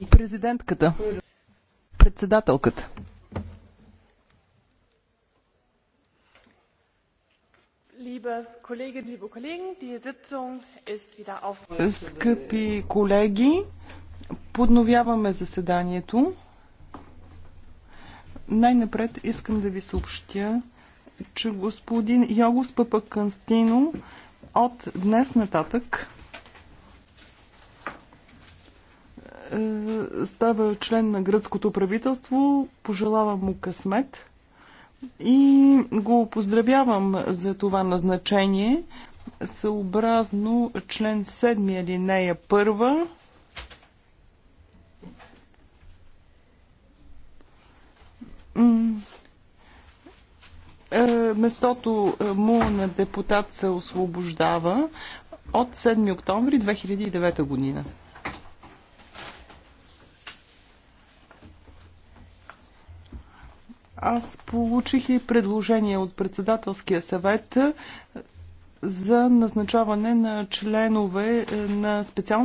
И президентката. Председателката. Скъпи колеги, подновяваме заседанието. Най-напред искам да ви съобщя, че господин Йогос Папа Канстино от днес нататък Е, става член на гръцкото правителство. Пожелавам му късмет и го поздравявам за това назначение съобразно член 7 алинея 1 е, местото му на депутат се освобождава от 7 октомври 2009 година. Аз получих и предложение от председателския съвет за назначаване на членове е, на специално.